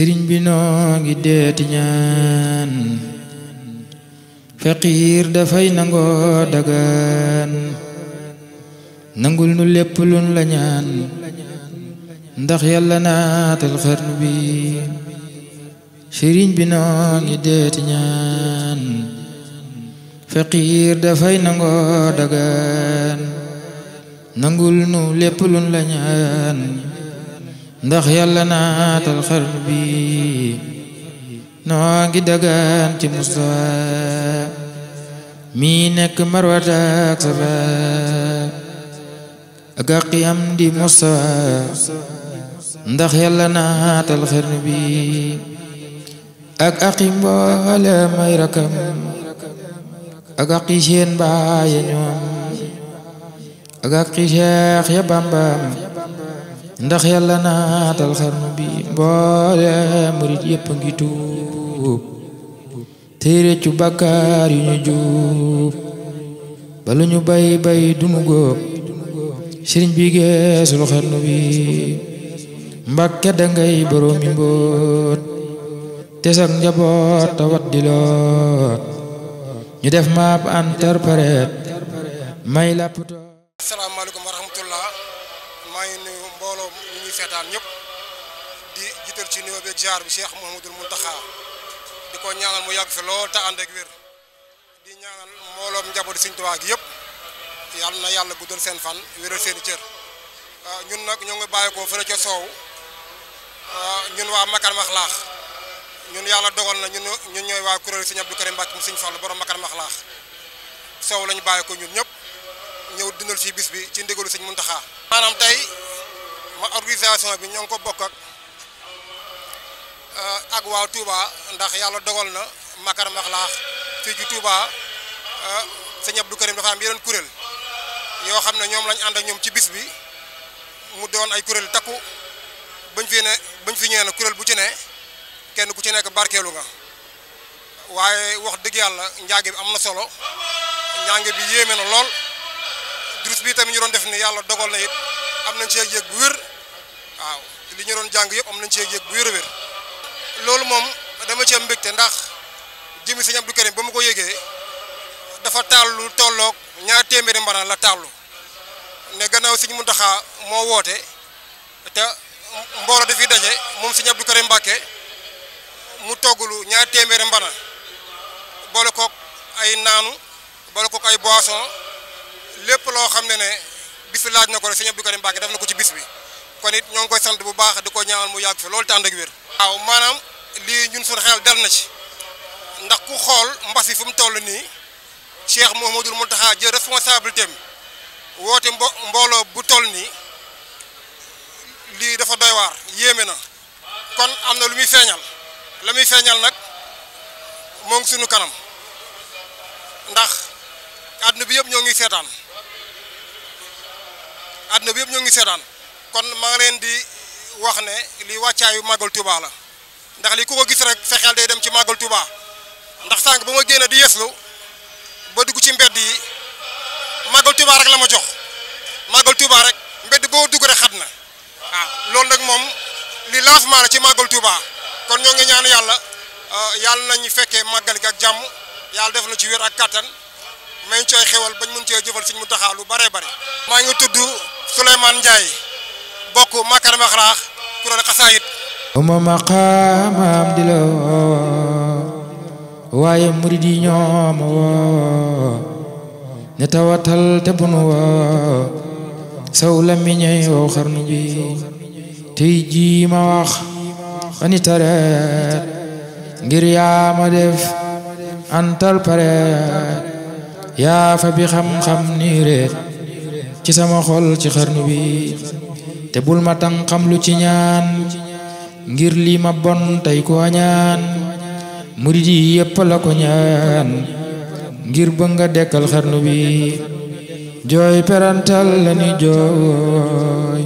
sëriñ bi noo ngi deeti ñaan faqiir dafay nangoo dagaan nangul nu lépp lun la ñaan ndax yàlla naatal xarnu bi sëriñ bi noo ngi deeti ñaan faqiir dafay nangoo dagaan nangul nu lépp lun la ñaan ndax yàlla naatal xar bi noo ngi dagaan ci musta mi nekk marwata ak safa ak aqiyam di musta ndax yàlla naatal xar bi ak aqi mboole may rakam aqi seen baaya ñoom ak aqi cheikh ya bambam ndax yàlla naatal xarnu bi mboole murit yëpp ngi tuub tey réccu bàkkaar yu ñu juub balu ñu bay bay dunu góob sëriñ bi geesul xarnu bi mbàkke dangay boroomi mbóot te sag njaboot tawat di loot ñu def maap interprète may lappto mbooloo mi ñuy seetaan ñëpp di jiital ci nuyoo beeg ziar bi mu Mouhamadul Mountakha di ko ñaanal mu yàgg fi lool te ànd ak di ñaanal mbooloom njaboot Sëriñ Tuubaa gi yëpp yàlla na yàlla guddal seen fan wéral seen i cër ah, ñun nag ñoo ngi bàyyeekoo fële ca soow ah, ñun waa Makar Maxlaax ñun yàlla dogal na ñun ñun ñooy waa kuréel Sëriñ Abdou Karim Mbàkke mu Sëriñ Fallu borom Makar Maxlaax soow la ñu bàyyeekoo ñun ñëpp ñëw dundal fii bis bi ci ndigalu Sëriñ Mountakha organisation bi ñoo ngi ko bokk ak euh, ak waa ndax yàlla dogal na Makar Maxlaax fii ci Touba euh, sëñ Abdou Karim dafa am kuréel yoo xam ne ñoom lañ ànd ak ñoom ci bis bi mu doon ay kuréel takku bañ fi ne bañ fi ñëwee na kuréel bu ci ne kenn ku ci nekk barkeelu nga waaye wax dëgg yàlla njaage bi am na solo njaange bi yéeme na lool durus bi tamit ñu doon def ni yàlla dogal na it am nañ ci yëg bu wér waaw li ñu doon jàng yëpp am nañ ci yëg gu bu wér a wér loolu moom dama ci am mbégte ndax jëmi sëñ Abdou Karim ba mu ko yëgee dafa taal lu tolloog ñaar téeméeri la taalu ne gannaaw sëñ Muntaxa moo woote te mbooloo dafiy daje moom sëñ Abdou Karim Mbàkke mu toggulu ñaar téeméeri mbaraan boole kook ay naanu boole kook ay boisson lépp loo xam ne ne bis laaj na ko rek sëñ Abdou Karim Mbàkke def na ko ci bis bi kon it ñoo ngi koy sant bu baax di ko ñaanal mu yàgg fi loolu te ànd wér. waaw maanaam lii ñun suñu xel dal na ci ndax ku xool mbas yi fu mu toll nii Cheikh Mouhamadul Mountakha jël responsabilité am woote mbo mbooloo bu toll nii lii dafa doy waar yéeme na kon am na lu muy feeñal la muy feeñal nag moo ngi suñu kanam ndax àdduna bi yëpp ñoo ngi seetaan àdduna bi yëpp ñoo ngi seetaan. kon maa leen di wax ne li wàccaayu màggal Touba la ndax li ko ko gis rek fexeel day dem ci màggal Touba ndax sànq ba ma génn di yeslu ba dugg ci mbedd yi màggal Touba rek la ma jox màggal Touba rek mbedd boo dugg rek xat na waaw loolu nag moom li lancement la ci màggal Touba kon ñoo ngi ñaan yàlla euh, yàlla nañu fekkee màggal gi ak jàmm yàlla def na ci wér ak kattan may ñu xewal bañ mun cee jëfal suñ mu taxaalu bare bare maa ngi tudd Souleymane Ndiaye. bokk makaram axlaax kuréel xasaayit uma maqaamam di la waaye murid yi ñooma woo ne tawatal te bunu woo saw la miñey xarnu bi tey jii ma wax ani tareet ngir yaa ma def antal pareet yaa fa bi xam-xam ni ci sama xol ci xarnu bi te bul ma xam lu ci ñaan ngir lii ma bon tey ko ñaan murid yi yépp la ko ñaan ngir bëgg nga dekkal xarnu bi jooy perantal la ni jooy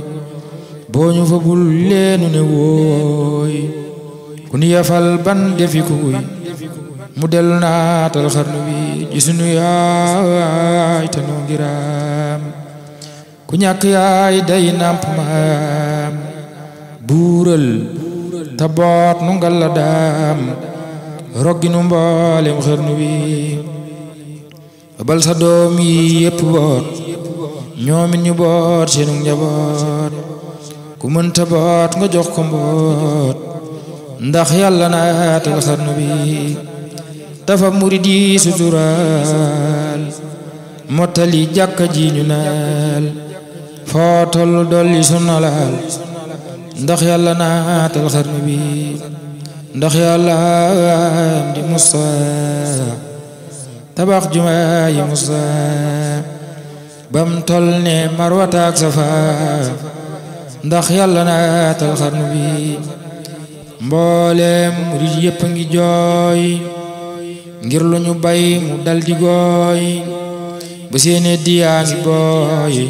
boo ñu fa bul leenu ne wooy ku nu yafal ban defi kuy mu dellu naatal xarnu bi gisuñu yaay te noo ngiram ku ñàkk yaay day nàmp maam buural taboot nu ngal la daam roggi nu mboolem xërnu wi bal doom yi yépp boot ñoomit ñu boot seenu njaboot ku mën taboot nga jox ko mboot ndax yàlla naatal xarnu bi dafa murid yi suturaal mottali jàkka ji ñu naal foo toll dolli sunna ndax yàlla naatal xarnu bi ndax yàlla am di Musa tabax jumaa yi Musa bam toll ne marwata ak ndax yàlla naatal xarnu bi mbooleem murid yëpp ngi jooy ngir lu ñu bay mu dal gooy bu seenee diyaani booyi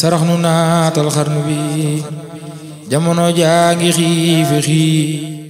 sarax nu naatal xarnu bi jamono jaa ngi xiifi xiif